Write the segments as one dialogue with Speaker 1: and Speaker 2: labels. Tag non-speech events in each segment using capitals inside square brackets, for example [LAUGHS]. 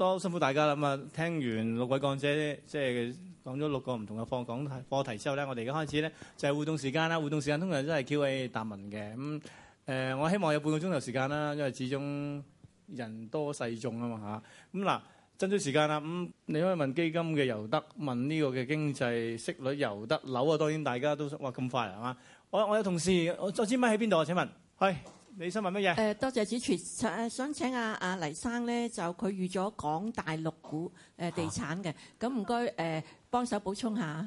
Speaker 1: 多辛苦大家啦咁啊！聽完六位講者，即係講咗六個唔同嘅課講課題之後咧，我哋而家開始咧，就係互動時間啦。互動時間通常都係 QA 答問嘅咁誒。我希望有半個鐘頭時間啦，因為始終人多勢眾啊嘛嚇。咁嗱，爭取時間啦咁，你可以問基金嘅又得，問呢個嘅經濟息率又得，樓啊，當然大家都哇咁快係嘛。我我有同事，我支咪喺邊度啊？請問，係。你想問乜嘢？
Speaker 2: 誒，多謝主持，想請阿阿黎生咧，就佢預咗
Speaker 1: 講大陸股誒地產嘅，咁唔該誒，幫手補充下。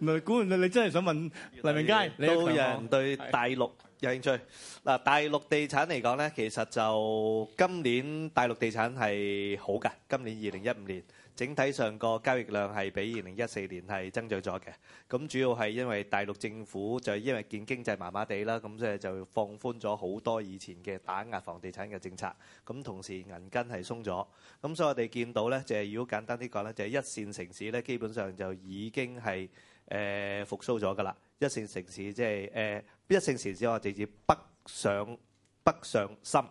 Speaker 1: 嗱，估唔到，你真係想問
Speaker 2: 黎明佳。你都誒對大陸有興趣。嗱，大陸地產嚟講咧，其實就今年大陸地產係好㗎，今年二零一五年。整體上個交易量係比二零一四年係增長咗嘅，咁主要係因為大陸政府就因為見經濟麻麻地啦，咁所以就放寬咗好多以前嘅打壓房地產嘅政策，咁同時銀根係鬆咗，咁所以我哋見到咧，就係如果簡單啲講咧，就係、是、一線城市咧，基本上就已經係誒、呃、復甦咗噶啦，一線城市即係誒一線城市我哋指北上北上深。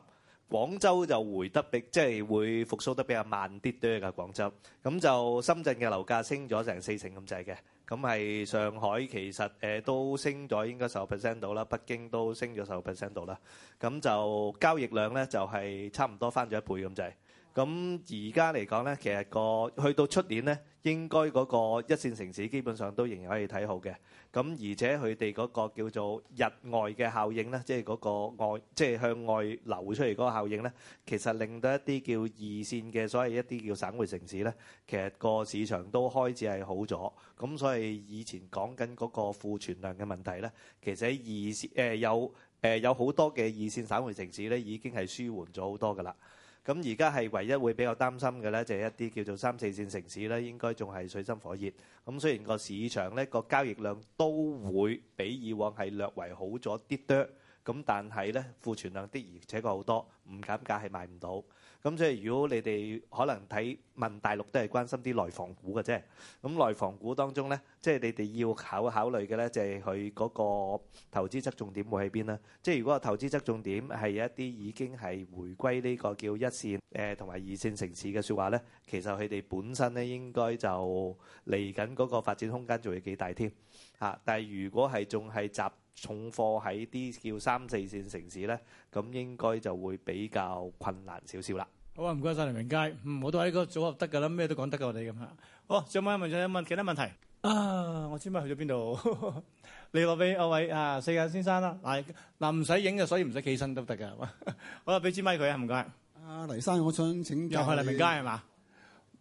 Speaker 2: 廣州就回得比即係會復甦得比較慢啲多嘅，廣州咁就深圳嘅樓價升咗成四成咁滯嘅，咁係上海其實誒都升咗應該十個 percent 到啦，北京都升咗十個 percent 到啦，咁就交易量咧就係差唔多翻咗一倍咁滯，咁而家嚟講咧，其實個去到出年咧。應該嗰個一線城市基本上都仍然可以睇好嘅，咁而且佢哋嗰個叫做日外嘅效應呢，即係嗰個外，即係向外流出嚟嗰個效應呢其實令到一啲叫二線嘅所謂一啲叫省會城市呢其實個市場都開始係好咗，咁所以以前講緊嗰個庫存量嘅問題呢其實喺二線、呃、有、呃、有好多嘅二線省會城市呢已經係舒緩咗好多噶啦。咁而家係唯一會比較擔心嘅呢，就係一啲叫做三四線城市呢，應該仲係水深火熱。咁雖然個市場呢個交易量都會比以往係略為好咗啲多，咁但係呢庫存量的而且確好多，唔減價係賣唔到。咁即係如果你哋可能睇問大陸都係關心啲內房股嘅啫。咁內房股當中呢，即係你哋要考考慮嘅呢，就係佢嗰個投資側重點會喺邊呢？即係如果個投資側重點係一啲已經係回歸呢個叫一線誒同埋二線城市嘅説話呢，其實佢哋本身呢應該就嚟緊嗰個發展空間仲有幾大添嚇。但係如果係仲係集重貨喺啲叫三四線城市呢，咁應該就會比較困難少少啦。
Speaker 1: 好啊，唔該晒。黎明街，嗯，我都喺呢個組合得噶啦，咩都講得噶我哋咁嚇。好，上位問有問其他問題啊，我支咪去咗邊度？ [LAUGHS] 你攞俾阿位啊四眼先生啦。嗱嗱唔使影嘅，所以唔使企身都得噶， [LAUGHS] 好謝謝啊，俾支咪佢啊，唔該。阿黎生，我想請教係黎明街係嘛？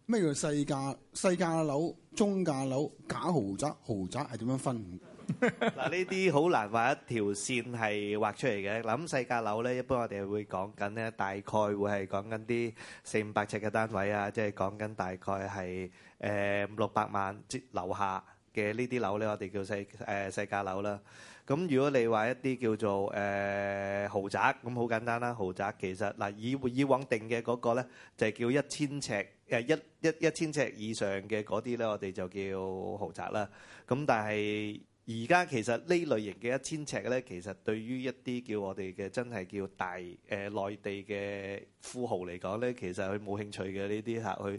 Speaker 3: 咩叫細價？細價樓、中價樓、假豪宅、豪宅係點樣分？
Speaker 2: 嗱，呢啲好難畫一條線係畫出嚟嘅。咁細價樓咧，一般我哋會講緊咧，大概會係講緊啲四五百尺嘅單位啊，即係講緊大概係誒五六百萬即樓下嘅呢啲樓咧，我哋叫細誒細價樓啦。咁如果你話一啲叫做誒豪宅，咁好簡單啦，豪宅其實嗱以以往定嘅嗰個咧，就係叫一千尺誒一一一千尺以上嘅嗰啲咧，我哋就叫豪宅啦。咁但係，而家其實呢類型嘅一千尺咧，其實對於一啲叫我哋嘅真係叫大誒、呃、內地嘅富豪嚟講咧，其實佢冇興趣嘅呢啲客去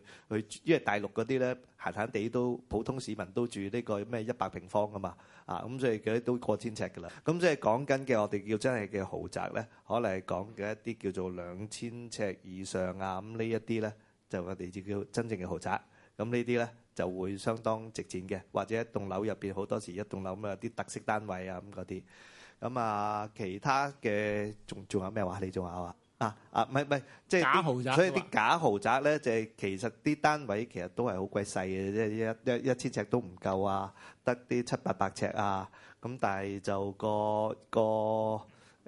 Speaker 2: 去，因為大陸嗰啲咧閒閒地都普通市民都住呢個咩一百平方㗎嘛，啊咁所以佢都過千尺㗎喇。咁即係講緊嘅我哋叫真係嘅豪宅咧，可能係講嘅一啲叫做兩千尺以上啊咁呢一啲咧，就我哋自己叫真正嘅豪宅。咁呢啲咧，就會相當值錢嘅，或者一棟樓入邊好多時一棟樓咁有啲特色單位啊，咁嗰啲咁啊。其他嘅仲仲有咩話？你仲話話啊啊？唔係唔係，即係假豪宅，所以啲假豪宅咧，就係其實啲單位其實都係好鬼細嘅，一一一一千尺都唔夠啊，得啲七八百尺啊。咁但係就個個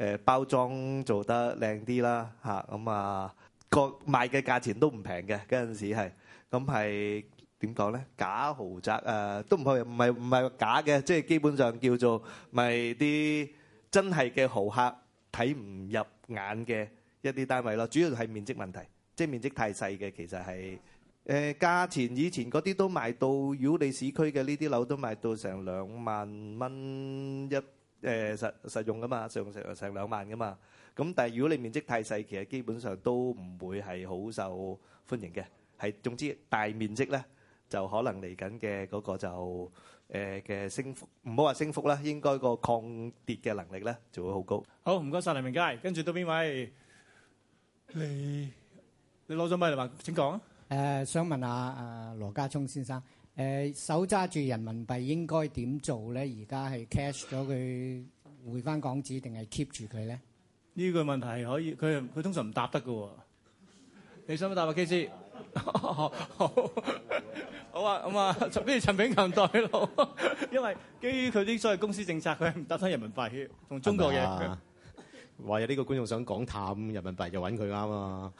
Speaker 2: 誒包裝做得靚啲啦嚇咁啊個賣嘅價錢都唔平嘅嗰陣時係咁係。點講咧？假豪宅誒都唔係唔係唔係假嘅，即係基本上叫做咪啲真係嘅豪客睇唔入眼嘅一啲單位咯。主要係面積問題，即係面積太細嘅其實係誒價錢。以前嗰啲都賣到，如果你市區嘅呢啲樓都賣到成兩萬蚊一誒實實用㗎嘛，實用成成兩萬㗎嘛。咁但係如果你面積太細，其實基本上都唔會係好受歡迎嘅。係總之大面積咧。就可能嚟緊嘅嗰個就誒嘅、呃、升幅，唔好話升幅啦，應該個抗跌嘅能力咧就會好高。
Speaker 1: 好，唔該晒，黎明佳，跟住到邊位？你你攞咗咪嚟話？請講。誒、呃，想問下誒、呃、羅家聰先生，誒、呃、手揸住人民幣應該點做咧？而家係 cash 咗佢回翻港紙，定係 keep 住佢咧？呢、這個問題可以，佢佢通常唔答得㗎喎。你想唔想答阿 K 師？ [LAUGHS] [LAUGHS] 好啊，咁啊，不如陳炳琴代路， [LAUGHS] 因為基於佢啲所謂公司政策，佢唔得收人民幣同中國嘅。
Speaker 4: 唯有呢個觀眾想講淡人民、呃、人民幣，就揾佢啱啊。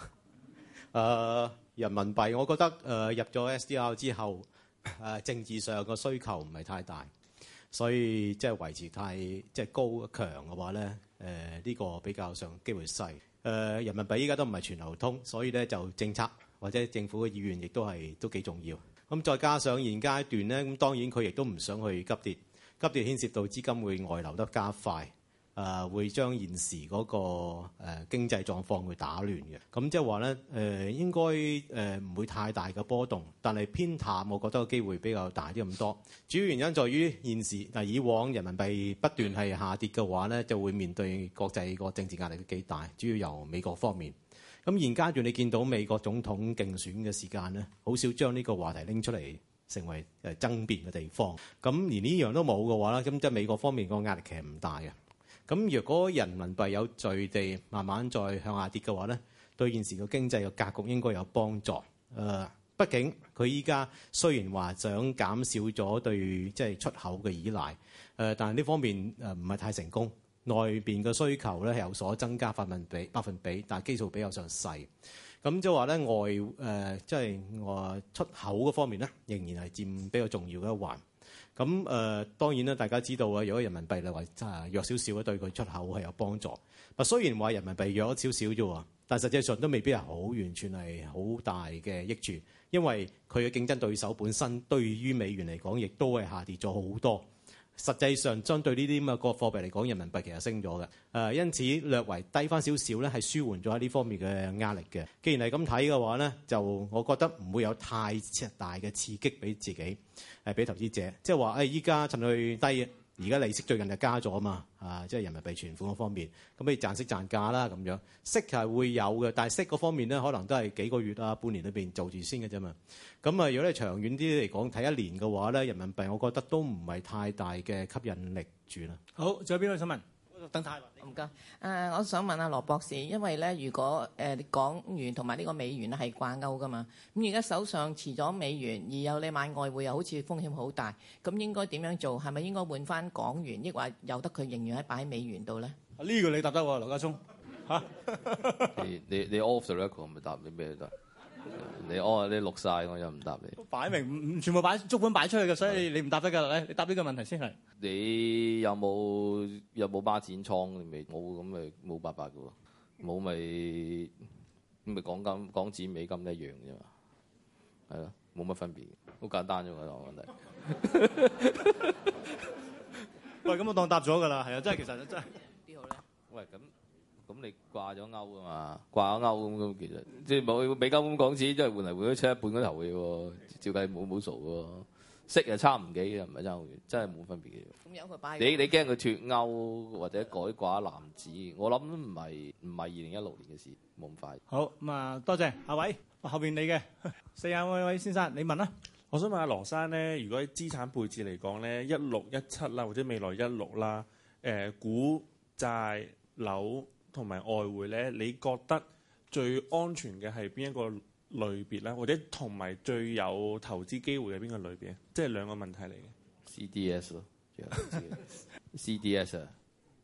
Speaker 4: 誒人民幣，我覺得誒、呃、入咗 S D R 之後，誒、呃、政治上個需求唔係太大，所以即係、就是、維持太即係、就是、高強嘅話咧，誒、呃、呢、呢個比較上機會細。誒、呃、人民幣依家都唔係全流通，所以咧就政策。或者政府嘅意願亦都係都幾重要。咁再加上現階段咧，咁當然佢亦都唔想去急跌，急跌牽涉到資金會外流得加快，誒、呃、會將現時嗰、那個誒、呃、經濟狀況會打亂嘅。咁即係話咧，誒、呃、應該誒唔、呃、會太大嘅波動，但係偏淡，我覺得機會比較大啲咁多。主要原因在於現時嗱、呃、以往人民幣不斷係下跌嘅話咧，就會面對國際個政治壓力都幾大，主要由美國方面。咁而家仲你見到美國總統競選嘅時間咧，好少將呢個話題拎出嚟成為誒爭辯嘅地方。咁連呢樣都冇嘅話，啦，咁即係美國方面個壓力其實唔大嘅。咁若果人民幣有序地，慢慢再向下跌嘅話，咧，對現時嘅經濟嘅格局應該有幫助。誒，畢竟佢依家雖然話想減少咗對即係出口嘅依賴，誒，但係呢方面誒唔係太成功。外邊嘅需求咧係有所增加，百分比百分比，但係基數比較上細。咁即係話咧外誒，即係外出口嗰方面咧，仍然係佔比較重要嘅一環。咁、嗯、誒、呃、當然啦，大家知道啊，如果人民幣嚟話略為弱少少咧，對佢出口係有幫助。不過雖然話人民幣弱咗少少啫喎，但係實際上都未必係好完全係好大嘅益處，因為佢嘅競爭對手本身對於美元嚟講，亦都係下跌咗好多。實際上，相對呢啲咁嘅個貨幣嚟講，人民幣其實升咗嘅。誒、呃，因此略為低翻少少咧，係舒緩咗呢方面嘅壓力嘅。既然係咁睇嘅話咧，就我覺得唔會有太大嘅刺激俾自己，誒俾投資者，即係話誒依家趁去低。而家利息最近就加咗嘛，啊，即係人民幣存款嗰方面，咁不如賺息賺價啦咁樣，息係會有嘅，但係息嗰方面咧，可能都係幾個月啊、半年裏面做住先嘅啫嘛。咁啊，如果你長遠啲嚟講，睇一年嘅話咧，人民幣我覺得都唔係太大嘅吸引力住啦。
Speaker 1: 好，仲有邊位想問？唔該。誒，我想問
Speaker 2: 下羅博士，因為咧，如果誒港元同埋呢個美元係掛鈎噶嘛，咁而家手上持咗美元，而有你買外匯又好似風險好大，咁應該點樣做？係咪應該換翻港元，抑或由得佢仍然喺擺喺美元度咧？
Speaker 1: 呢個你答得喎，劉家聰
Speaker 5: 嚇。你你你 offer 咗我咪答啲咩都得。你我、哦、你錄晒，我又唔答你。
Speaker 1: 擺明唔全部擺足本擺出去嘅，所以你唔答得噶啦。你答呢個問題先
Speaker 5: 係。你有冇有冇孖展倉？未冇咁咪冇八八嘅。冇咪咪港金港紙美金一樣啫嘛。係咯，冇乜分別，好簡單啫我個問題。喂，咁我當答咗噶啦。係啊，真係其實真係。點好咧？喂，咁。咁你掛咗鈎啊嘛，掛咗鈎咁咁其實即係冇比歐咁港紙，即係換嚟換去出一半嗰頭嘅喎，照計冇冇熟嘅喎，息又差唔幾嘅，唔係爭好遠，真係冇分別嘅。咁由佢擺。你你驚佢脫鈎或者改掛籃子？我諗都唔係唔係二零一六年嘅事，冇咁快。
Speaker 1: 好咁啊，多謝下位，後邊你嘅四眼位位先生，你問啊。我想問下羅生咧，如果資產配置嚟講咧，一六一七啦，或者未來一六啦，誒股債樓。同埋外匯咧，你覺得最安全嘅係邊一個類別咧？或者同埋最有投資機會係邊個類別？即係兩個問題嚟嘅。
Speaker 5: CDS 咯、yeah, [LAUGHS] ，CDS 啊，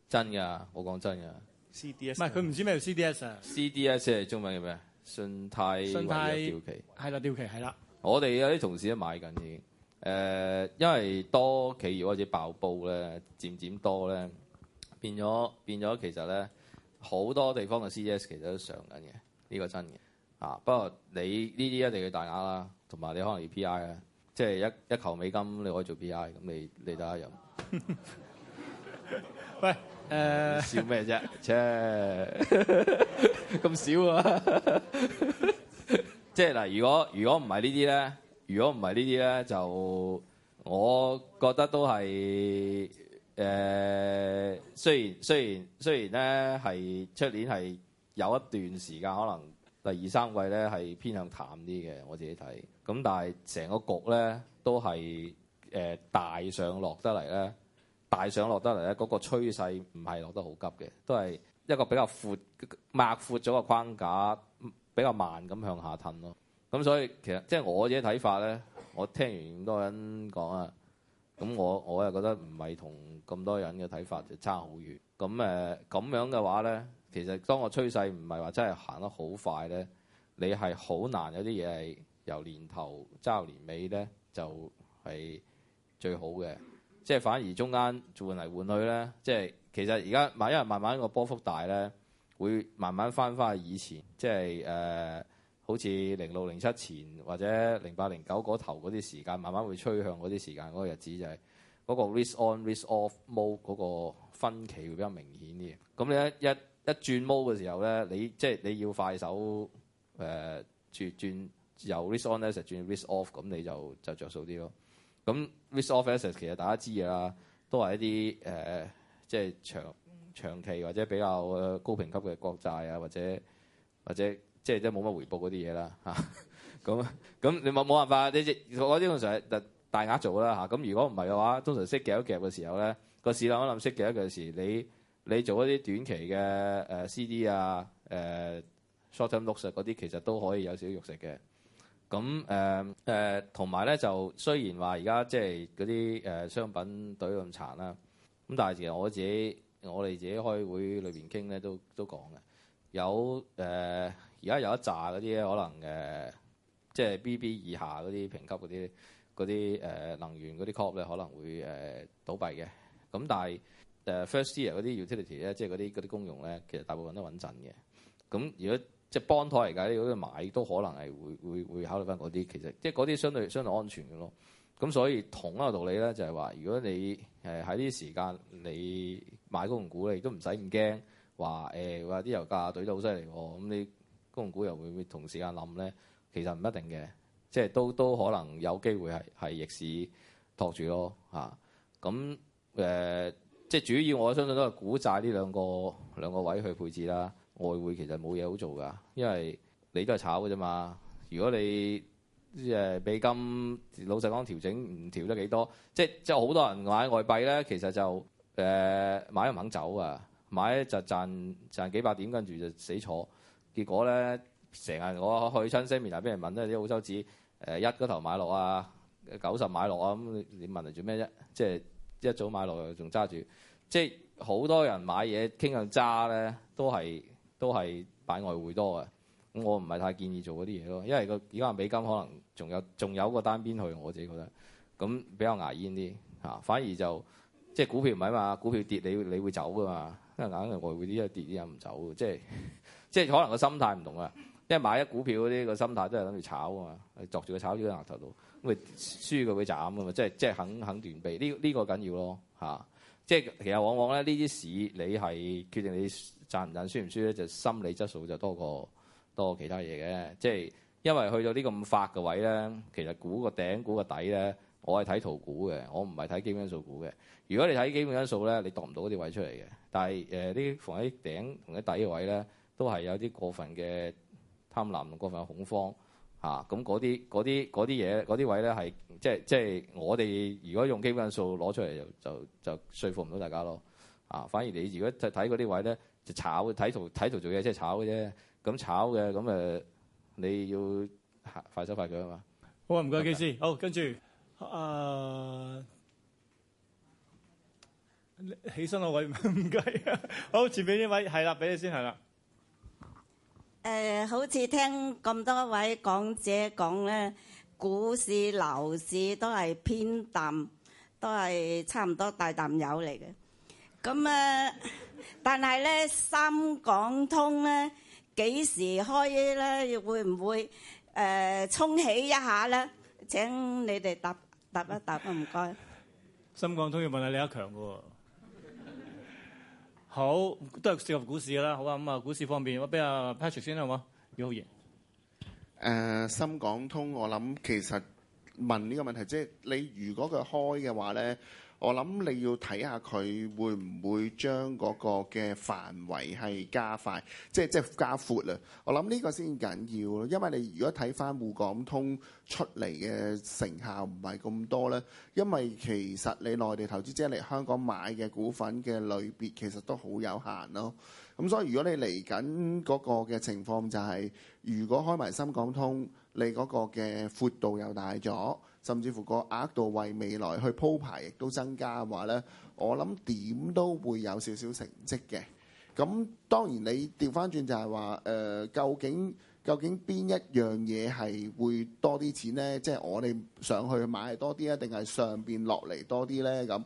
Speaker 5: 真噶，我講真噶
Speaker 1: CDS 唔係，佢唔知咩叫 CDS 啊
Speaker 5: ？CDS 係中文叫咩？信貸、信貸掉期
Speaker 1: 係啦，掉期係啦。
Speaker 5: 我哋有啲同事都買緊已經誒，因為多企業開始爆煲咧，漸漸多咧，變咗變咗，其實咧。好多地方嘅 CDS 其實都上緊嘅，呢、這個真嘅。啊，不過你呢啲一定要大額啦，同埋你可能要 PI 啦，即 [NOISE] 係樂、就是、一一球美金你可以做 PI，咁你你得飲？喂，誒、呃啊，笑咩啫？啫，咁少啊？即係嗱，如果如果唔係呢啲咧，如果唔係呢啲咧，就我覺得都係。誒、呃，雖然雖然雖然咧，係出年係有一段時間，可能第二三季咧係偏向淡啲嘅，我自己睇。咁但係成個局咧都係誒大上落得嚟咧，大上落得嚟咧，嗰、那個趨勢唔係落得好急嘅，都係一個比較闊擘闊咗個框架，比較慢咁向下褪咯、啊。咁所以其實即係我自己睇法咧，我聽完咁多人講啊。咁我我又覺得唔係同咁多人嘅睇法就差好遠。咁誒，咁樣嘅話咧，其實當個趨勢唔係話真係行得好快咧，你係好難有啲嘢係由年頭揸年尾咧就係、是、最好嘅。即係反而中間換嚟換去咧、嗯，即係其實而家慢，因為慢慢個波幅大咧，會慢慢翻翻去以前，即係誒。呃好似零六零七前或者零八零九嗰頭嗰啲時間，慢慢會趨向嗰啲時間嗰個日子就係、是、嗰個 risk on risk off mode 嗰個分歧會比較明顯啲。咁你一一轉 mode 嘅時候咧，你即係、就是、你要快手誒、呃、轉轉由 risk on 咧就轉 risk off，咁你就就著數啲咯。咁 risk off assets 其實大家也知嘅啦，都係一啲誒即係長長期或者比較高評級嘅國債啊，或者或者。即係即係冇乜回報嗰啲嘢啦嚇，咁、啊、咁你冇冇辦法？你呢我啲通常大額做啦嚇，咁、啊、如果唔係嘅話，通常息夾一夾嘅時候咧，個市冧可能息夾一嘅時，你你做一啲短期嘅誒 C D 啊誒、呃、short term loss 嗰、啊、啲，其實都可以有少少肉食嘅。咁誒誒，同埋咧就雖然話而家即係嗰啲誒商品隊咁殘啦，咁但係其實我自己我哋自己開會裏邊傾咧都都講嘅有誒。呃而家有一紮嗰啲咧，可能誒，即、呃、係、就是、B B 以下嗰啲評級嗰啲啲誒能源嗰啲 Corp 咧，可能會誒、呃、倒閉嘅。咁但係誒、呃、first year 嗰啲 utility 咧，即係嗰啲啲公用咧，其實大部分都穩陣嘅。咁如果即係、就是、幫台嚟計，如果你買都可能係會會會考慮翻嗰啲，其實即係嗰啲相對相對安全嘅咯。咁所以同一個道理咧，就係話如果你誒喺呢啲時間你買公用股你亦都唔使咁驚話誒話啲油價對得好犀利喎咁你。公用股又會唔會同時間冧咧？其實唔一定嘅，即係都都可能有機會係係逆市托住咯嚇。咁、啊、誒、呃，即係主要我相信都係股債呢兩個兩個位去配置啦。外匯其實冇嘢好做㗎，因為你都係炒㗎啫嘛。如果你誒、呃、比金老實講調整唔調得幾多，即係即係好多人買外幣咧，其實就誒、呃、買唔肯走啊，買就賺賺幾百點，跟住就死坐。結果咧，成日我去親 seminar 啊，俾人問咧啲澳洲紙一嗰頭買落啊，九十買落啊，咁你問嚟做咩啫？即係、就是、一早買落又仲揸住，即係好多人買嘢傾向揸咧，都係都係擺外匯多嘅。咁我唔係太建議做嗰啲嘢咯，因為個而家美金可能仲有仲有個單邊去，我自己覺得咁比較牙煙啲吓，反而就即係、就是、股票唔係嘛，股票跌你你會走噶嘛，因為硬係外匯啲一跌啲又唔走，即係。就是。即係可能個心態唔同啊，因為買咗股票嗰啲個心態都係諗住炒啊嘛，係著住個炒字喺額頭度，咁咪輸佢會斬㗎嘛、就是這個這個啊。即係即係肯肯斷臂呢呢個緊要咯。即係其實往往咧呢啲市你係決定你賺唔賺、輸唔輸咧，就心理質素就多過多過其他嘢嘅。即係因為去到呢個五發嘅位咧，其實估個頂估個底咧，我係睇圖估嘅，我唔係睇基本因素估嘅。如果你睇基本因素咧，你度唔到嗰啲位出嚟嘅。但係誒呢啲逢喺頂同喺底嘅位咧。都係有啲過分嘅貪婪同過分嘅恐慌嚇，咁嗰啲啲啲嘢嗰啲位咧係即係即係我哋如果用基本數攞出嚟就就説服唔到大家咯啊！反而你如果睇睇嗰啲位咧就炒睇圖睇圖，圖做嘢即係炒嘅啫，咁、啊、炒嘅咁誒你要快手快腳啊嘛！
Speaker 1: 好啊，唔該記者，好跟住誒起身嗰位唔該，好前面呢位係啦，俾你先係啦。
Speaker 2: 誒，好似聽咁多位講者講咧，股市、樓市都係偏淡，都係差唔多大淡油嚟嘅。咁啊，但係咧，深港通咧幾時開咧？會唔會誒沖起一下咧？請你哋答答一答啊！唔該。
Speaker 1: 深港通要問下李克強喎。好，都係涉及股市啦，好啊咁啊，股市方面，我俾阿 Patrick 先啦，好冇？有冇嘢？
Speaker 3: 誒，深港通我諗其實問呢個問題，即係你如果佢開嘅話咧。我諗你要睇下佢會唔會將嗰個嘅範圍係加快，即係即係加闊啦。我諗呢個先緊要咯，因為你如果睇翻滬港通出嚟嘅成效唔係咁多呢，因為其實你內地投資者嚟香港買嘅股份嘅類別其實都好有限咯。咁所以如果你嚟緊嗰個嘅情況就係，如果開埋深港通，你嗰個嘅闊度又大咗。甚至乎個額度為未來去鋪排，亦都增加嘅話呢，我諗點都會有少少成績嘅。咁當然你調翻轉就係話、呃、究竟究竟邊一樣嘢係會多啲錢呢？即係我哋上去買多啲啊，定係上面落嚟多啲呢？咁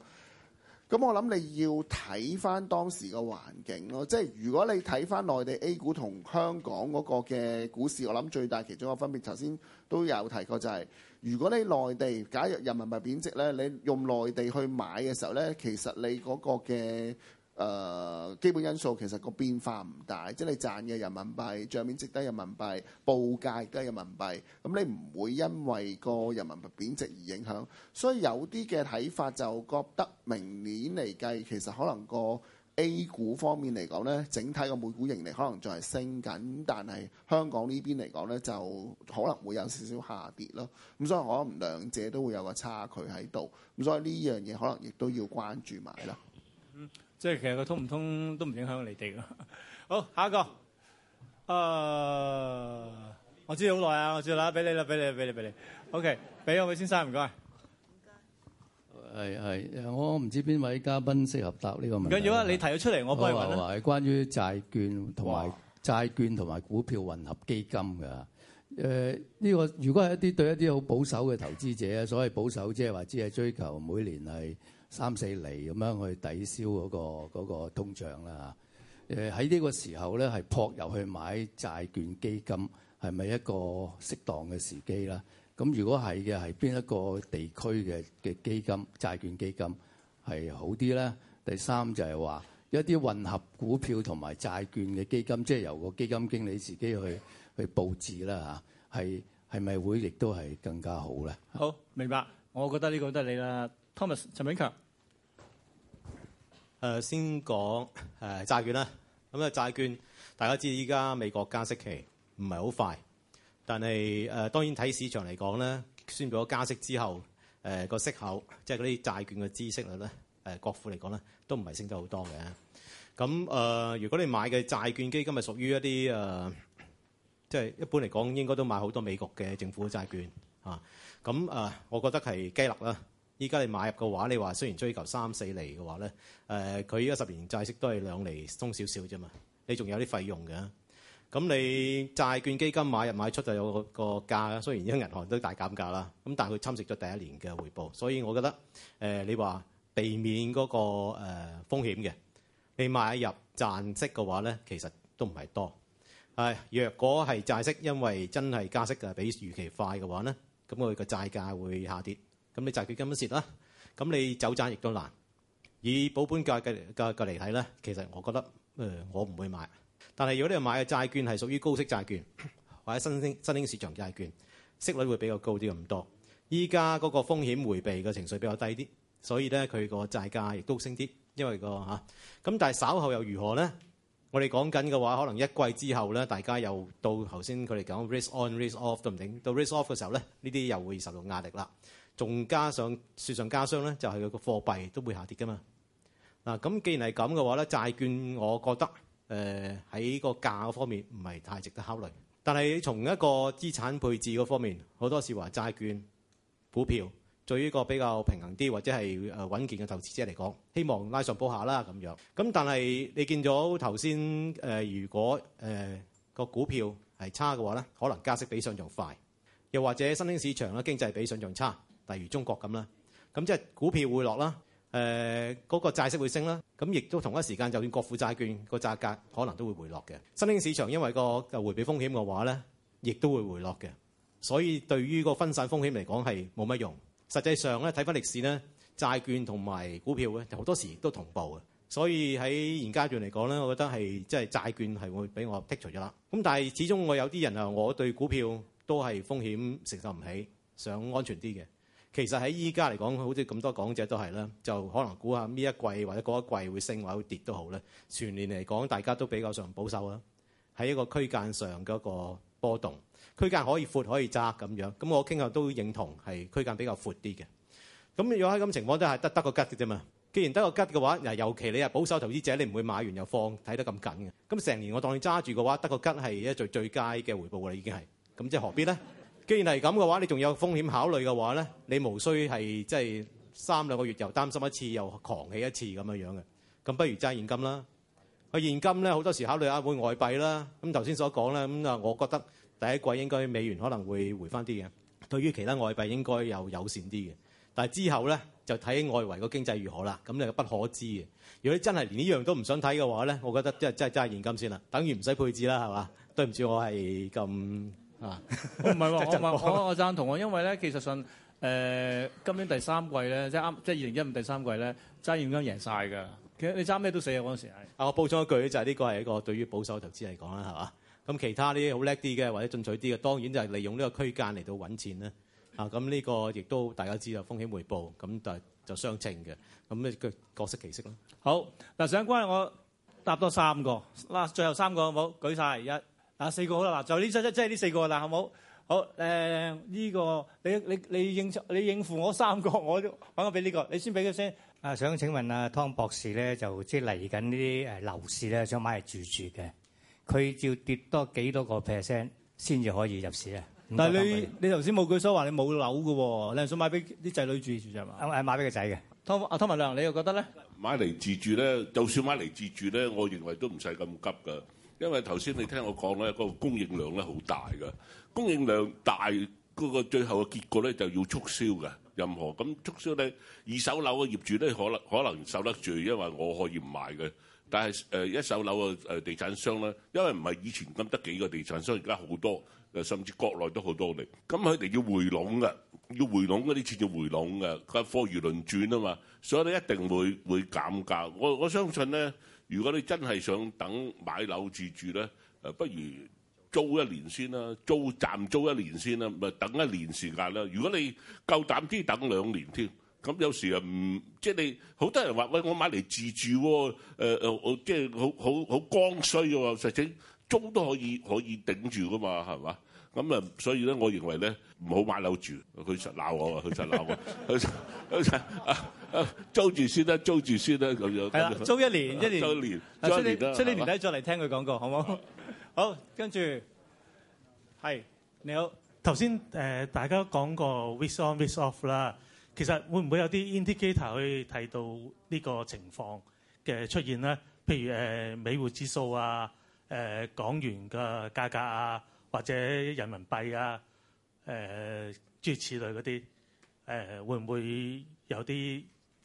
Speaker 3: 咁，我諗你要睇翻當時個環境咯。即係如果你睇翻內地 A 股同香港嗰個嘅股市，我諗最大其中一個分別，頭先都有提過、就係，就係。如果你內地假若人民幣貶值咧，你用內地去買嘅時候咧，其實你嗰個嘅誒、呃、基本因素其實個變化唔大，即係你賺嘅人民幣帳面值低人民幣，報價低人民幣，咁你唔會因為個人民幣貶值而影響。所以有啲嘅睇法就覺得明年嚟計，其實可能個。A 股方面嚟講咧，整體個每股盈利可能仲係升緊，但係香港呢邊嚟講咧，就可能會有少少下跌咯。咁所以我諗兩者都會有一個差距喺度。咁所以呢樣嘢可能亦都要關注埋啦。嗯，即係其實佢通
Speaker 1: 唔通都唔影響你哋㗎。好，下一個，誒、uh，我知好耐啊，我知啦，俾你啦，俾你俾你俾你。OK，俾我位先生唔該。
Speaker 2: 係係，我我唔知
Speaker 1: 邊位嘉賓適合答呢個問題。緊要啊！你提咗出嚟，我幫你問啦。係關於債券同埋債券同埋股票混合基金㗎。誒、呃、呢、呢個如果係一啲對一啲好保守嘅投資者咧，所謂保守即係話只係追求每年係三四厘
Speaker 2: 咁樣去抵消嗰、嗰個嗰個通脹啦。誒，喺呢個時候咧，係撲入去買債券基金係咪一個適當嘅時機啦？
Speaker 1: 咁如果係嘅係邊一個地區嘅嘅基金債券基金係好啲咧？第三就係話一啲混合股票同埋債券嘅基金，即係由個基金經理自己去去佈置啦嚇，係係咪會亦都係
Speaker 4: 更加好咧？
Speaker 1: 好明白，我覺得呢個都得你啦，Thomas 陳永強。
Speaker 4: 誒，先講誒債券啦。咁啊，債券,債券大家知道依家美國加息期唔係好快。但係誒當然睇市場嚟講咧，宣布咗加息之後，誒、呃、個息口即係嗰啲債券嘅孳息率咧，誒、呃、國庫嚟講咧都唔係升得好多嘅。咁誒、呃、如果你買嘅債券基金係屬於一啲誒，即、呃、係、就是、一般嚟講應該都買好多美國嘅政府債券嚇。咁、啊、誒、啊，我覺得係雞肋啦。依家你買入嘅話，你話雖然追求三四厘嘅話咧，誒佢依家十年債息都係兩厘鬆少少啫嘛，你仲有啲費用㗎。咁你債券基金買入買出就有個價啦。雖然而家銀行都大減價啦，咁但係佢侵蝕咗第一年嘅回報。所以我覺得、呃、你話避免嗰、那個、呃、風險嘅，你買入賺息嘅話咧，其實都唔係多。係、呃、若果係債息，因為真係加息嘅比預期快嘅話咧，咁佢個債價會下跌，咁你債券基金蝕啦，咁你走賺亦都難。以保本價嘅價格嚟睇咧，其實我覺得、呃、我唔會買。但係，如果你買嘅債券係屬於高息債券或者新興新興市場債券，息率會比較高啲咁多。依家嗰個風險迴避嘅情緒比較低啲，所以咧佢個債價亦都升啲，因為、嗰個嚇。咁、啊、但係稍後又如何咧？我哋講緊嘅話，可能一季之後咧，大家又到頭先佢哋講 risk on risk off 都唔定，到 risk off 嘅時候咧，呢啲又會受到壓力啦。仲加上雪上加霜咧，就係佢個貨幣都會下跌噶嘛。嗱，咁既然係咁嘅話咧，債券我覺得。誒、呃、喺個價嗰方面唔係太值得考慮，但係從一個資產配置嗰方面，好多時話債券、股票，對於一個比較平衡啲或者係誒穩健嘅投資者嚟講，希望拉上補下啦咁樣。咁但係你見咗頭先誒，如果誒個、呃、股票係差嘅話咧，可能加息比想像快，又或者新興市場咧經濟比想像差，例如中國咁啦，咁即係股票會落啦。誒嗰、那個債息會升啦，咁亦都同一時間，就算國庫債券、那個價格可能都會回落嘅。新興市場因為個回避風險嘅話咧，亦都會回落嘅。所以對於個分散風險嚟講係冇乜用。實際上咧睇翻歷史咧，債券同埋股票咧就好多時都同步嘅。所以喺現階段嚟講咧，我覺得係即係債券係會俾我剔除咗啦。咁但係始終我有啲人啊，我對股票都係風險承受唔起，想安全啲嘅。其實喺依家嚟講，好似咁多講者都係啦，就可能估下呢一季或者嗰一季會升或者會跌都好啦。全年嚟講，大家都比較上保守啦。喺一個區間上嗰個波動，區間可以闊可以窄咁樣。咁我傾向都認同係區間比較闊啲嘅。咁如果喺咁情況都係得得個吉嘅啫嘛。既然得個吉嘅話，尤其你係保守投資者，你唔會買完又放睇得咁緊嘅。咁成年我當你揸住嘅話，得個吉係一最最佳嘅回報啦，已經係。咁即係何必咧？既然係咁嘅話，你仲有風險考慮嘅話咧，你無需係即係三兩個月又擔心一次，又狂起一次咁樣嘅。咁不如揸現金，現金啦。佢現金咧，好多時考慮啊，換外幣啦。咁頭先所講啦咁啊，我覺得第一季應該美元可能會回翻啲嘅。對於其他外幣應該又友善啲嘅。但之後咧，就睇外圍個經濟如何啦。咁你不可知嘅。如果你真係連呢樣都唔想睇嘅話咧，我覺得即係揸現金先啦。等於唔使配置啦，係嘛？對唔住，我係咁。
Speaker 1: 啊 [LAUGHS] 是，唔係喎，我我我我贊同喎，因為咧，其實上，誒、呃，今年第三季咧，即係啱，即係二零一五第三季咧，揸現
Speaker 4: 金贏晒嘅。其實你揸咩都死啊嗰陣時。啊，我補充一句就係、是、呢個係一個對於保守投資嚟講啦，係嘛？咁其他啲好叻啲嘅或者進取啲嘅，當然就係利用呢個區間嚟到揾錢啦。啊，咁呢個亦都大家知道風險回報，咁就就相稱嘅。咁呢各各色其色。咯。好，嗱，想關我答多三個，
Speaker 1: 嗱，最後三個好唔好？舉晒。一。啊，四個好啦，嗱就呢七即係呢四個啦，好冇？好誒呢、呃這個你你你應你應付我三個，我揾我俾呢個，你先俾佢先。啊，想請問啊湯博士咧，就即係嚟緊呢啲誒樓市咧，想買嚟住住嘅，佢要跌多幾多個 percent 先至可以入市啊？但係你你頭先冇句說話，你冇樓嘅喎、哦，你係想買俾啲仔女住住係嘛？誒、啊、買俾個仔嘅。
Speaker 6: 湯阿、啊、湯文亮，你又覺得咧？買嚟自住咧，就算買嚟自住咧，我認為都唔使咁急㗎。因為頭先你聽我講咧，個供應量咧好大嘅，供應量大嗰個最後嘅結果咧就要促銷嘅。任何咁促銷咧，二手樓嘅業主咧可能可能受得住，因為我可以唔買嘅。但係誒一手樓嘅誒地產商咧，因為唔係以前咁得幾個地產商，而家好多，甚至國內都好多嚟。咁佢哋要回籠嘅，要回籠嗰啲錢要回籠嘅，佢係貨如輪轉啊嘛。所以一定會會減價。我我相信咧。如果你真係想等買樓自住咧，誒，不如租一年先啦，租暫租一年先啦，咪等一年時間啦。如果你夠膽啲等兩年添，咁有時又唔，即係你好多人話：喂，我買嚟自住喎、啊呃，即係好好好剛衰喎、啊。實際租都可以可以頂住噶嘛，係嘛？咁啊，所以咧，我認為咧，唔好買樓住。佢實鬧我，我 [LAUGHS] [LAUGHS] 啊，佢實鬧我。佢租住先啦，租住先啦、啊。咁、啊、就係租一年，一年，租一年，租一年出年年，年，年
Speaker 1: 底再嚟聽佢講過，好唔好？ [LAUGHS] 好，跟住係 [LAUGHS] 你好。頭先誒大家講過 risk on risk off 啦，其實會唔會有啲 indicator 去睇到呢個情況嘅出現咧？譬如誒、呃、美匯指數啊，誒、呃、港元嘅價格啊。或者人民幣啊，誒、呃、諸如此類嗰啲，誒、呃、會唔會有啲誒、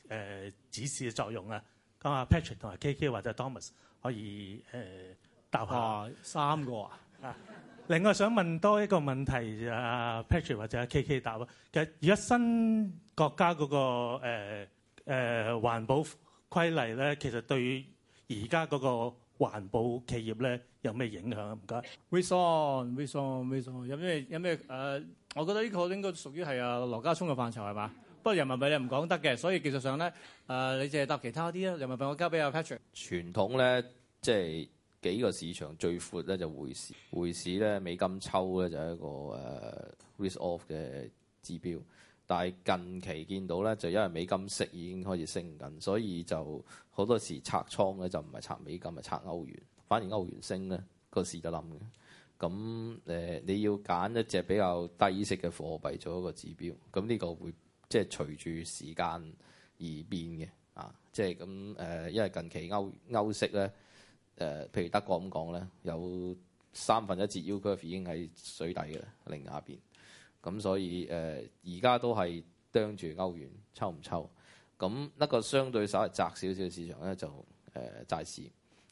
Speaker 1: 呃、指示嘅作用啊？咁啊 Patrick 同埋 KK 或者 Thomas 可以誒、呃、答下、啊。三個啊，啊！另外想問多一個問題 [LAUGHS] 啊，Patrick 或者 KK 答啊。其實而家新國家嗰、嗰個誒誒、呃呃、環保規例咧，其實對而家嗰個環保企業咧有咩影響啊？唔該，risk on，risk on，risk on，有咩有咩誒、呃？我覺得呢個應該屬於係阿羅家聰嘅範疇係嘛？不過人民幣你唔講得嘅，所以技術上咧誒、呃，你淨係答其他啲啊。人民幣我交俾阿 Patrick。
Speaker 5: 傳統咧，即係幾個市場最闊咧就匯市，匯市咧美金抽咧就係一個誒、呃、risk off 嘅指標。但係近期見到咧，就因為美金息已經開始升緊，所以就好多時拆倉咧就唔係拆美金，係拆歐元。反而歐元升咧個市就冧嘅。咁誒、呃、你要揀一隻比較低息嘅貨幣做一個指標，咁呢個會即係、就是、隨住時間而變嘅。啊，即係咁誒，因為近期歐歐息咧誒、呃，譬如德國咁講咧，有三分一折 U curve 已經喺水底嘅另外一邊。咁所以誒，而、呃、家都係盯住歐元抽唔抽？咁一個相對稍微窄少少嘅市場咧，就誒、呃、債市。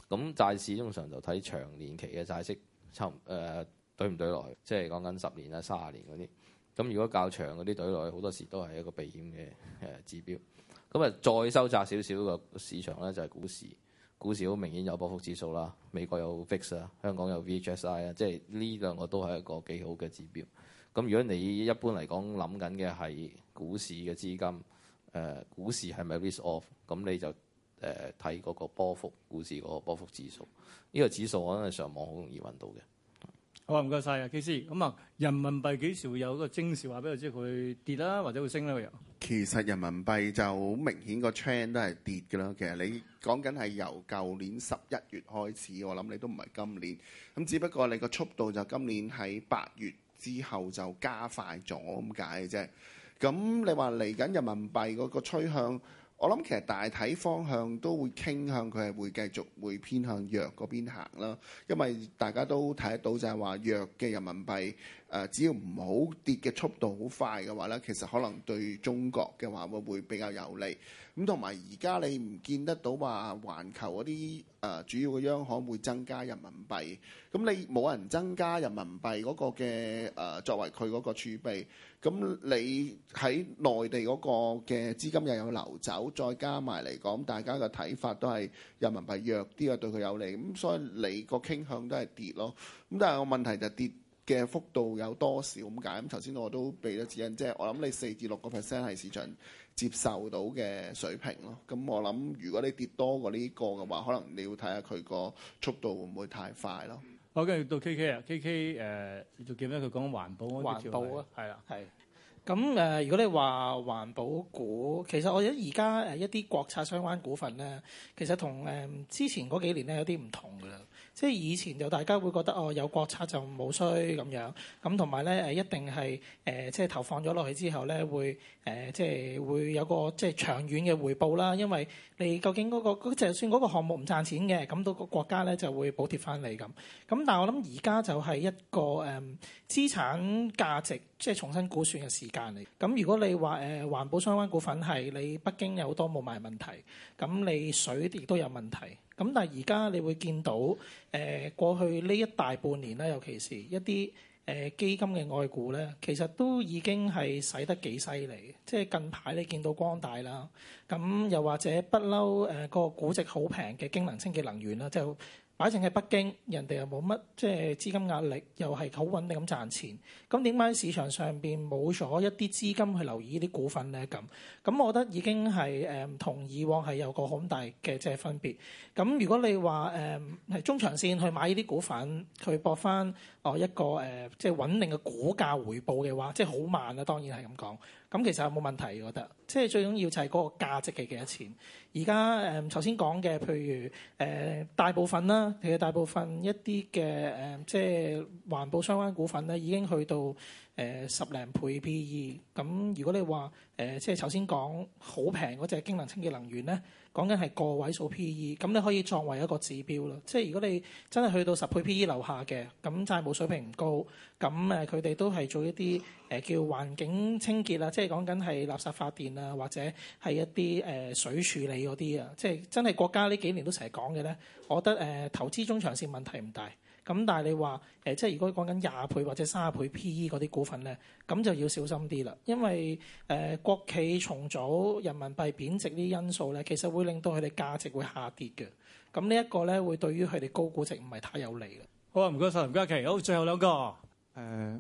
Speaker 5: 咁債市通常就睇長年期嘅債息抽誒，唔對落去即係講緊十年啊、三十年嗰啲。咁如果較長嗰啲對落去好多時都係一個避險嘅誒指標。咁啊，再收窄少少嘅市場咧，就係、是、股市。股市好明顯有波幅指數啦，美國有 VIX 啊，香港有 VHSI 啊，即係呢兩個都係一個幾好嘅指標。咁如果你一般嚟講諗緊嘅係股市嘅資金，誒股市係咪 risk off？咁你就誒睇嗰個波幅，股市嗰個波幅指數，呢、這個指數可能上網好容
Speaker 3: 易揾到嘅。
Speaker 1: 好，啊，唔該晒啊，傑師。咁啊，人民幣幾時會有個徵兆？話俾佢知，佢跌啦，或者佢升咧？又
Speaker 3: 其實人民幣就好明顯個 trend 都係跌㗎啦。其實你講緊係由舊年十一月開始，我諗你都唔係今年。咁只不過你個速度就是今年喺八月。之後就加快咗，咁解嘅啫。咁你話嚟緊人民幣嗰個趨向？我諗其實大體方向都會傾向佢係會繼續會偏向弱嗰邊行啦，因為大家都睇得到就係話弱嘅人民幣誒，只要唔好跌嘅速度好快嘅話呢，其實可能對中國嘅話會會比較有利。咁同埋而家你唔見得到話環球嗰啲誒主要嘅央行會增加人民幣，咁你冇人增加人民幣嗰個嘅誒作為佢嗰個儲備。咁你喺內地嗰個嘅資金又有流走，再加埋嚟講，大家嘅睇法都係人民幣弱啲啊，對佢有利。咁所以你個傾向都係跌咯。咁但係個問題就係跌嘅幅度有多少咁解？咁頭先我都俾咗指引，即係我諗你四至六個 percent 係市場接受到嘅水平咯。咁我諗如果你跌多過呢個嘅話，可能你要睇下佢個速度會唔會太快咯。
Speaker 1: 好
Speaker 7: ，okay，跟住到 K K 啊，K K 誒，你仲記唔記得佢講環保環保、啊、條例？係啦、係。咁誒、呃，如果你話環保股，其實我覺得而家誒一啲國策相關股份咧，其實同誒、呃、之前嗰幾年咧有啲唔同噶啦，嗯。即係以前就大家會覺得哦，有國策就冇衰咁樣，咁同埋咧一定係誒、呃、即係投放咗落去之後咧會誒、呃、即係會有個即係長遠嘅回報啦。因為你究竟嗰、嗰個就算嗰個項目唔賺錢嘅，咁到個國家咧就會補貼翻你咁。咁但我諗而家就係一個誒資、呃、產價值。即係重新估算嘅時間嚟，咁如果你話誒、呃、環保相關股份係你北京有好多霧霾問題，咁你水亦都有問題，咁但係而家你會見到誒、呃、過去呢一大半年咧，尤其是一啲誒、呃、基金嘅外股咧，其實都已經係使得幾犀利，即係近排你見到光大啦，咁又或者不嬲誒個估值好平嘅京能清潔能源啦，即係。擺正喺北京，人哋又冇乜即係資金壓力，又係好穩定咁賺錢。咁點解市場上邊冇咗一啲資金去留意呢啲股份咧？咁咁，我覺得已經係誒同以往係有個好大嘅即係分別。咁如果你話誒係中長線去買呢啲股份，佢搏翻哦一個誒、呃、即係穩定嘅股價回報嘅話，即係好慢啊。當然係咁講。咁其實有冇問題？我覺得，即係最緊要就係嗰個價值係幾多錢。而家誒頭先講嘅，譬如誒大部分啦，其實大部分一啲嘅誒，即係環保相關股份咧，已經去到誒十零倍 P/E。咁如果你話誒，即係頭先講好平嗰隻京能清潔能源咧。講緊係個位數 PE，咁你可以作為一個指標咯。即係如果你真係去到十倍 PE 樓下嘅，咁債務水平唔高，咁、呃、佢哋都係做一啲、呃、叫環境清潔啊，即係講緊係垃圾發電啊，或者係一啲、呃、水處理嗰啲啊。即係真係國家呢幾年都成日講嘅咧，我覺得、呃、投資中長線問題唔大。咁但係你話誒，即係如果講緊廿倍或者卅倍 PE 嗰啲股份咧，咁就要小心啲啦，因為誒國企重組、人民幣貶值啲因素咧，其實會令到佢哋價值會下跌嘅。咁呢一個咧，會對於佢哋高估值唔係太有利嘅。好啊，唔
Speaker 1: 該晒，林嘉琪。好，最後兩個
Speaker 2: 誒，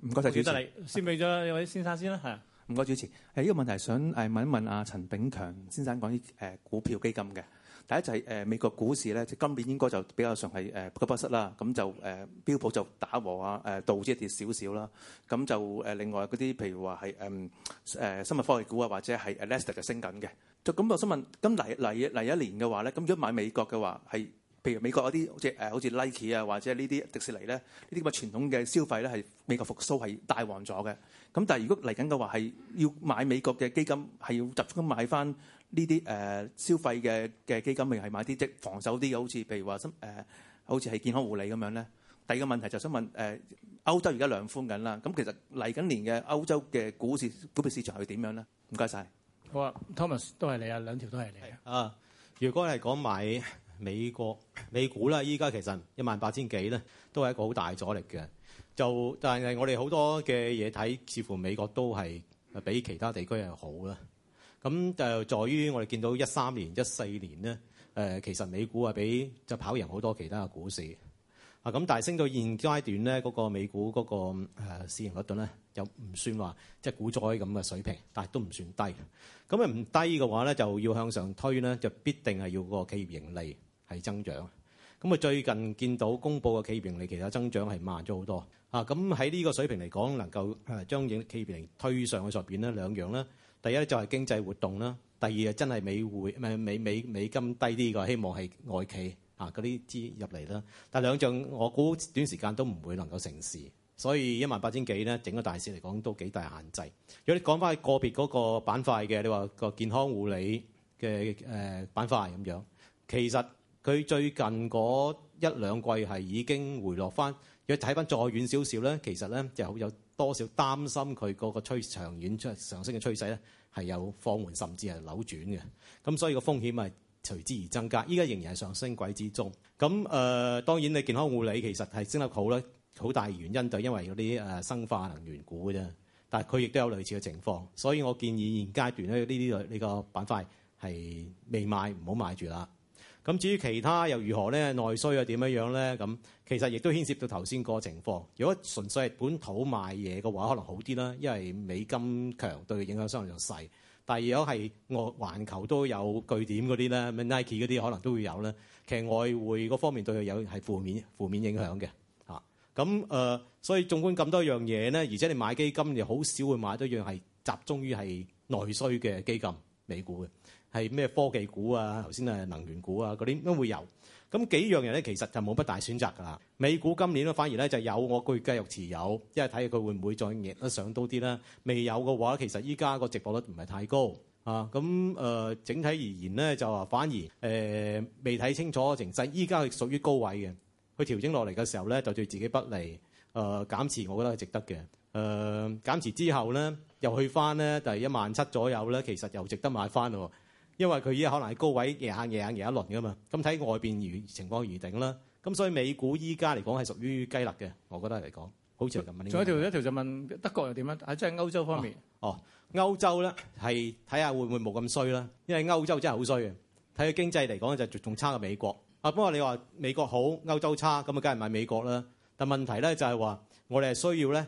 Speaker 2: 唔
Speaker 7: 該晒主持，唔該
Speaker 1: 你。先俾咗有位先生先啦嚇。
Speaker 2: 唔該主持。誒呢個問題想誒問一問阿陳炳強先生講啲誒股票基金嘅。第一就係、是、誒、呃、美國股市咧，即今年應該就比較上係誒不不失啦。咁就誒標普就打和啊，誒、呃、道指跌少少啦。咁就誒、呃、另外嗰啲譬如話係誒誒生物科技股啊，或者係 elastic 就升緊嘅。就咁我想問，咁嚟嚟嚟一年嘅話咧，咁如果買美國嘅話係，譬如美國有啲好似誒好似 Nike 啊，或者呢啲迪士尼咧，呢啲咁嘅傳統嘅消費咧係美國復甦係大旺咗嘅。咁但係如果嚟緊嘅話係要買美國嘅基金，係要集中咁買翻。呢啲誒消費嘅嘅基金咪係買啲即防守啲嘅，好似譬如話什誒，好似係健康護理咁樣咧。第二個問題就想問誒，歐洲而家量寬緊啦。咁其實嚟緊年嘅歐洲嘅股市
Speaker 4: 股票市場係點樣咧？唔該晒。
Speaker 1: 好啊，Thomas 都係你啊，兩條都係你啊。
Speaker 4: 啊，如果係講買美國美股啦，依家其實一萬八千幾咧，都係一個好大阻力嘅。就但係我哋好多嘅嘢睇，似乎美國都係比其他地區係好啦。咁就係在於我哋見到一三年、一四年咧，其實美股係比就跑贏好多其他嘅股市。啊咁，但係升到現階段咧，嗰個美股嗰個、啊、市盈率度咧，又唔算話即係股災咁嘅水平，但係都唔算低。咁啊唔低嘅話咧，就要向上推咧，就必定係要嗰個企業盈利係增長。咁啊最近見到公佈嘅企業盈利其實增長係慢咗好多。嚇咁喺呢個水平嚟講，能夠將影企業盈利推上去上邊呢兩樣啦。第一就係經濟活動啦，第二就係真係美匯美，美，美金低啲，希望係外企啊嗰啲資入嚟啦。但兩種我估短時間都唔會能夠成事，所以一萬八千幾呢，整個大市嚟講都幾大限制。如果你講返個別嗰個板塊嘅，你話個健康護理嘅呃、板塊咁樣，其實佢最近嗰一兩季係已經回落返。如果睇返再遠少少呢，其實呢就好有。多少擔心佢嗰個趨長遠出上升嘅趨勢咧，係有放緩甚至係扭轉嘅。咁所以個風險咪隨之而增加。依家仍然係上升軌之中。咁誒、呃，當然你健康護理其實係升得好咧，好大原因就因為嗰啲誒生化能源股嘅啫。但係佢亦都有類似嘅情況，所以我建議現階段咧，呢啲呢個板塊係未買唔好買住啦。咁至於其他又如何咧？內需又點樣樣咧？咁其實亦都牽涉到頭先個情況。如果純粹係本土賣嘢嘅話，可能好啲啦，因為美金強對佢影響相對就細。但係如果係外環球都有據點嗰啲咧，Nike 嗰啲可能都會有咧。其實外匯嗰方面對佢有係負面負面影響嘅嚇。咁誒，所以縱觀咁多樣嘢咧，而且你買基金又好少會買一樣係集中於係內需嘅基金、美股嘅。係咩科技股啊？頭先係能源股啊，嗰啲都會有咁幾樣嘢咧。其實就冇乜大選擇㗎啦。美股今年咧，反而咧就有我佢繼續持有，因為睇下佢會唔會再逆得上多啲啦。未有嘅話，其實依家個直播率唔係太高啊。咁誒、呃，整體而言咧就話反而誒未睇清楚個情勢，依家係屬於高位嘅。佢調整落嚟嘅時候咧，就對自己不利。誒、呃、減持，我覺得係值得嘅。誒、呃、減持之後咧，又去翻咧，就係一萬七左右咧，其實又值得買翻咯。因為佢依家可能喺高位，夜下夜下夜一輪啊嘛。咁睇外邊情況而定啦。咁所以美股依家嚟講係屬於雞肋嘅，我覺得嚟講好似咁問。仲有一條一條就問德國又點啊？係即係歐洲方面。哦，歐洲咧係睇下會唔會冇咁衰啦。因為歐洲真係好衰嘅，睇佢經濟嚟講就仲差過美國。啊，不過你話美國好，歐洲差，咁啊梗係買美國啦。但問題咧就係話我哋係需要咧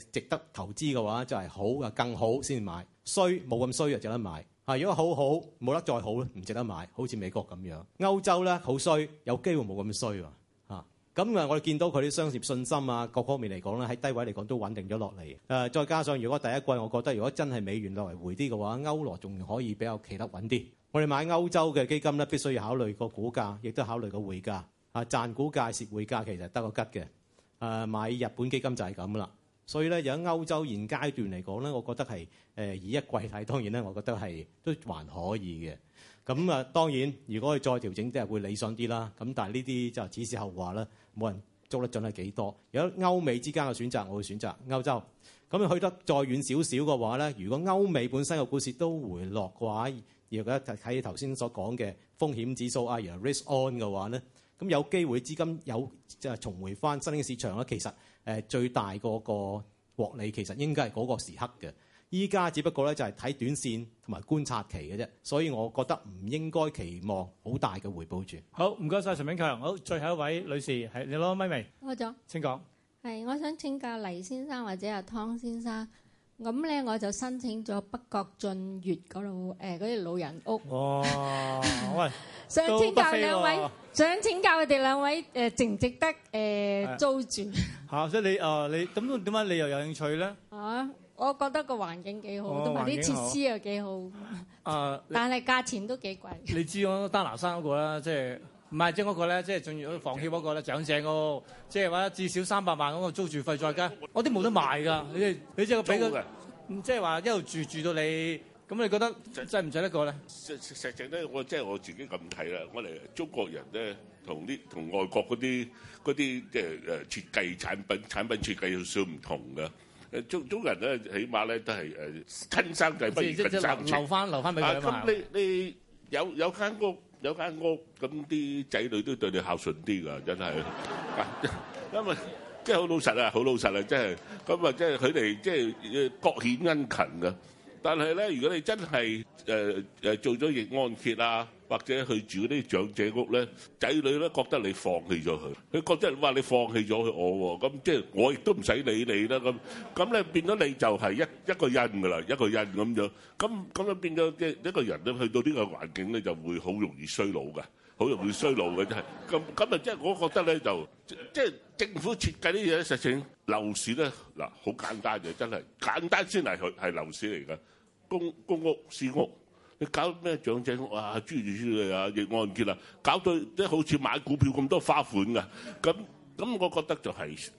Speaker 4: 誒值得投資嘅話，就係好啊，更好先買衰冇咁衰啊，就值得買。啊！如果好好，冇得再好咧，唔值得買。好似美國咁樣，歐洲咧好衰，有機會冇咁衰喎。嚇！咁啊，我哋見到佢啲商業信心啊，各方面嚟講咧，喺低位嚟講都穩定咗落嚟。誒，再加上如果第一季，我覺得如果真係美元落嚟回啲嘅話，歐羅仲可以比較企得穩啲。我哋買歐洲嘅基金咧，必須要考慮個股價，亦都考慮個匯價。啊，賺股價蝕匯價其實得個吉嘅。誒、啊，買日本基金就係咁啦。所以咧，有喺歐洲現階段嚟講咧，我覺得係誒以一季睇，當然咧，我覺得係都還可以嘅。咁啊，當然如果佢再調整，即係會理想啲啦。咁但係呢啲就是此時後話啦，冇人捉得準係幾多。有喺歐美之間嘅選擇，我會選擇歐洲。咁去得再遠少少嘅話咧，如果歐美本身嘅股市都回落嘅話，而家睇你頭先所講嘅風險指數啊，例如 Risk On 嘅話咧，咁有機會資金有即係重回翻新興市場啦。其實誒最大嗰個獲利其實應該係嗰個時刻嘅，依家只不過咧就係睇短線同埋觀察期嘅啫，所以我覺得唔應該期望好大嘅回報住。
Speaker 1: 好，唔該晒，陳炳強。好，最後一位女士係你攞咪咪。我咗。請講。
Speaker 2: 係，我想請教黎先生或者阿湯先生。咁咧我就申請咗北角雋悅嗰度誒嗰啲老人屋。哇！
Speaker 1: 好啊，都唔飛咯。想請教兩位，
Speaker 2: 想請教佢哋兩位誒值唔值得誒租住？
Speaker 1: 嚇！所以你啊你，咁點解你又有興趣咧？
Speaker 2: 啊，我覺得個環境幾好，同埋啲設施又幾好。
Speaker 1: 啊！但係
Speaker 2: 價錢都幾貴。
Speaker 1: 你知我丹拿山嗰個啦，即係。唔係，即係嗰個咧，即係仲要房協嗰個咧長正喎，即係話至少三百萬嗰個租住費再加，我啲冇得賣㗎，你你即係俾即係話一路住住到你，咁你覺得值唔值得過咧？
Speaker 6: 實實正咧，我即係我，我自己咁睇啦。我哋中國人咧，同啲同外國嗰啲嗰啲即係設計產品產品設計有少少唔同㗎。中中國人咧，起碼咧都係誒親生計不如生留翻留翻俾佢，咁你你有有間屋？有間屋，咁啲仔女都對你孝順啲㗎，真係。因為即係好老實啊，好老實啊，真係。咁啊，即係佢哋即係各顯恩勤㗎。但係咧，如果你真係誒、呃呃、做咗逆按揭啊～或者去住嗰啲長者屋咧，仔女咧覺得你放棄咗佢，佢覺得話你放棄咗佢我喎，咁即係我亦都唔使理你啦咁，咁咧變咗你就係一一個人噶啦，一個人咁樣，咁咁就變咗即係一個人咧去到呢個環境咧就會好容易衰老噶，好容易衰老嘅真係。咁咁啊即係我覺得咧就即係政府設計啲嘢，實情樓市咧嗱好簡單嘅真係，簡單先係佢係樓市嚟噶，公公屋私屋。你搞咩長者？啊？哇，諸如此類啊，亦按揭啊，搞到即係好似買股票咁多花款嘅、啊，咁咁我覺得就係誒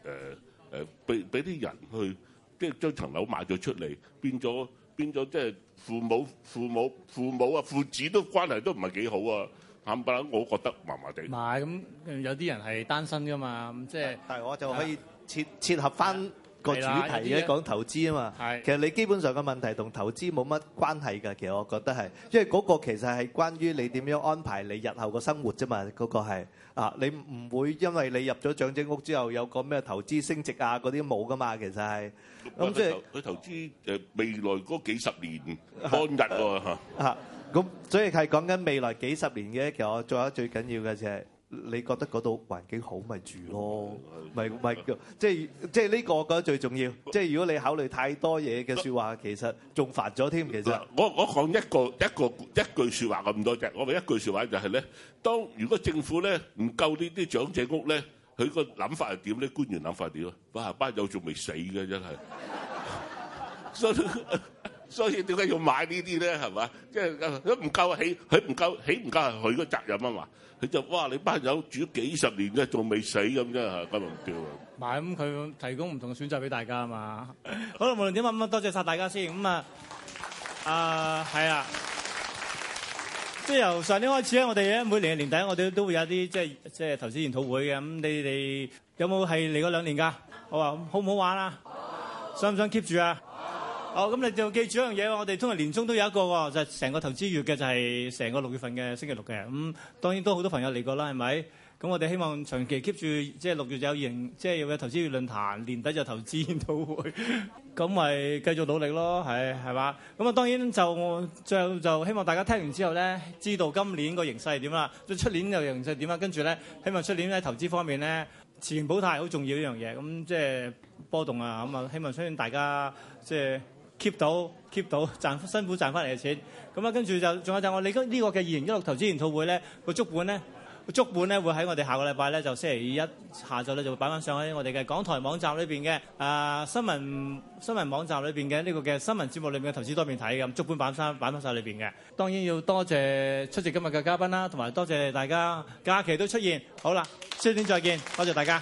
Speaker 6: 誒俾俾啲人去即係將層樓賣咗出嚟，變咗變咗即係父母父母父母啊，父子都關係都唔係幾好啊，冚唪唥我覺得麻麻地。
Speaker 1: 唔係咁，有啲人係單身㗎嘛，咁即係，但
Speaker 2: 係我就可以切、啊、切合翻、嗯。
Speaker 1: 個主題咧講
Speaker 6: 投資啊嘛，其實你基本上
Speaker 2: 嘅問題同投資冇乜關係㗎，其實我覺得係，因為嗰個其實係關於你點樣安排你日後嘅生活啫嘛，嗰個係啊，你唔會因為你入咗長者屋之後有個咩投資升值啊嗰啲冇㗎嘛，其實係。咁即係
Speaker 6: 佢投資誒未來嗰幾十年安逸喎嚇。
Speaker 2: 嚇，咁所以係講緊未來幾十年嘅，其實我做咗最緊要嘅就係。你覺得嗰度環境好咪住咯，咪咪即係即係呢個我覺得最重要。即係如果你考慮太多嘢嘅説話，其
Speaker 6: 實仲煩咗添。其實我我講一個一個一句説話咁多啫。我咪一句説話就係咧：當如果政府咧唔救呢啲長者屋咧，佢個諗法係點咧？官員諗法點咯？哇！班友仲未死嘅真係。所以點解要買這些呢啲咧？係嘛，即係都唔夠起，佢唔夠起唔夠係佢嘅責任啊嘛。佢就哇，你班友住咗幾十年都仲未死咁啫嚇，咁又唔掉咁
Speaker 1: 佢提供唔同嘅選擇俾大家啊嘛。 [LAUGHS] 好啦，無論點啊，咁多謝晒大家先咁啊。啊、嗯，係 [LAUGHS] 啊、嗯。即、嗯、係由上年開始咧，我哋咧每年嘅年底，我哋都會有啲即係即係投資研討會嘅。咁、嗯、你哋有冇係嚟過兩年㗎？好啊，好唔好玩啊？好好想唔想 keep 住啊？哦，咁你就記住一樣嘢喎，我哋通常年終都有一個喎，就係成個投資月嘅，就係成個六月份嘅星期六嘅。咁當然都好多朋友嚟過啦，係咪？咁我哋希望長期 keep 住，即係六月就有型，即係有投資月論壇，年底就投資研討會。咁咪繼續努力咯，係係嘛？咁啊，當然就我最後就希望大家聽完之後咧，知道今年個形勢係點啦，出年又形勢點啦，跟住咧，希望出年咧投資方面咧，持盈保泰好重要呢樣嘢。咁即係波動啊，咁啊，希望雖然大家即係。就是 keep 到 keep 到賺辛苦賺翻嚟嘅錢，咁啊跟住就仲有，就我哋呢個嘅二零一六投資研討會咧，個足本咧，個足本咧會喺我哋下個禮拜咧，就星期一下晝咧，就會擺翻上喺我哋嘅港台網站裏邊嘅啊新聞，新聞網站裏邊嘅呢個嘅新聞節目裏邊嘅投資多面睇，咁足本擺翻，擺翻曬裏邊嘅，當然要多謝出席今日嘅嘉賓啦，同埋多謝大家假期都出現，好啦，先一陣再見，多謝大家。